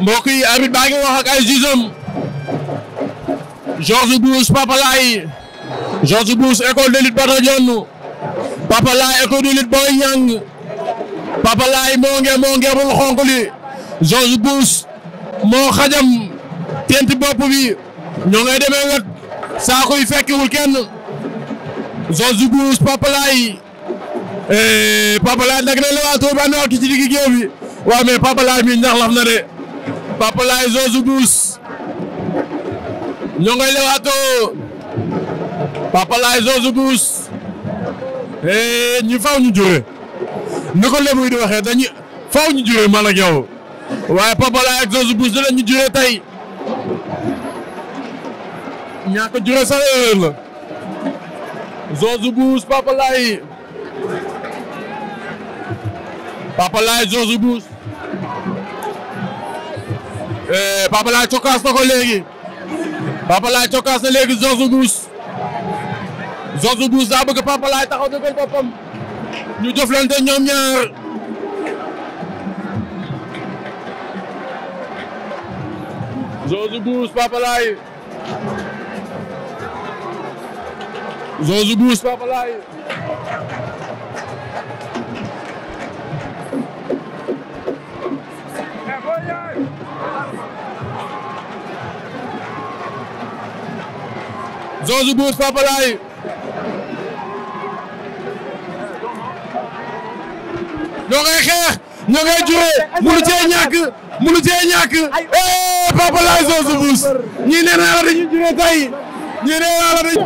mbokk yi arbitre baa ngi wax ak ay jugeem Georges Bouss Papa Laye Georges Bouss école de lutte Batandione Papa Laye école de lutte Boy Niang Papa Laye moo nge moo moo xajam tenti bopp bi ñoo ngay saako yi fekkiwul kenn George Bush Papa Laye eh, Papa Laye nag ne lewaatoo ba andiwaat ci digg géew bi waaw mais Papa Laye mi ñax laf na de Papa Laye George Bush ñoo ngay lewaatoo Papa Laye George Bush eh, ñu faw ñu jure ni ko lebuy di waxee dañu faw ñu jure man ak yow waaye Papa Laye ak George Bush dinañu jure tey ñàkk a jure sa erreur la. George Bush Papa Laye. Papa Laye George Bush. Eh, Papa Laye cokkaas na léegi. Papa Laye cokkaas na léegi George Bush. George Bush daa bëgg Papa Laye taxaw dëggal boppam. ñu jëflante ñoom ñaar. George Bush Papa Zozo Douce Papa Laye Zozo xeex ñoo ngay juree munu cee ñàkk eh, Papa Laye Zozo Douce nee naa la dañuy juree ñii nee naa la dañ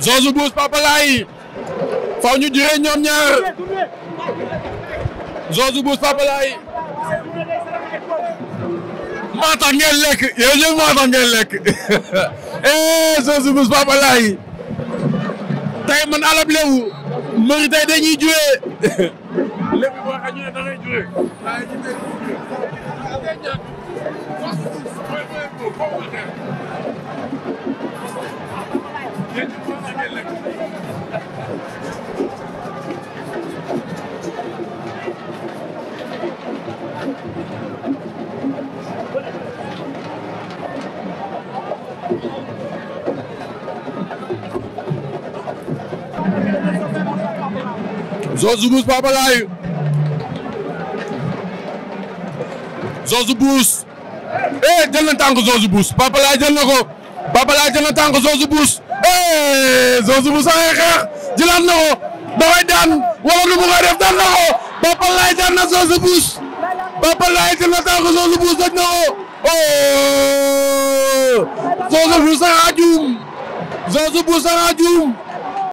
George Bush Papa Laye faw ñu juree ñoom ñaar George Bush Papa Laye maa tax ngeen lekk yow ñëpp maa tax ngeen lekk eh George Bush Papa Laye tey man alab léwu mbëri tey dañuy juree lébu boo xam ne da ngay juree Thank you. Zoss Bouss Papa Laye Zoss Bouss eh jël na tànk Zoss Bouss Papa Laye jël na ko Papa eh, daan wala nu mu daan na ko Papa Laye daan na Zoss juum Zoss Bouss juum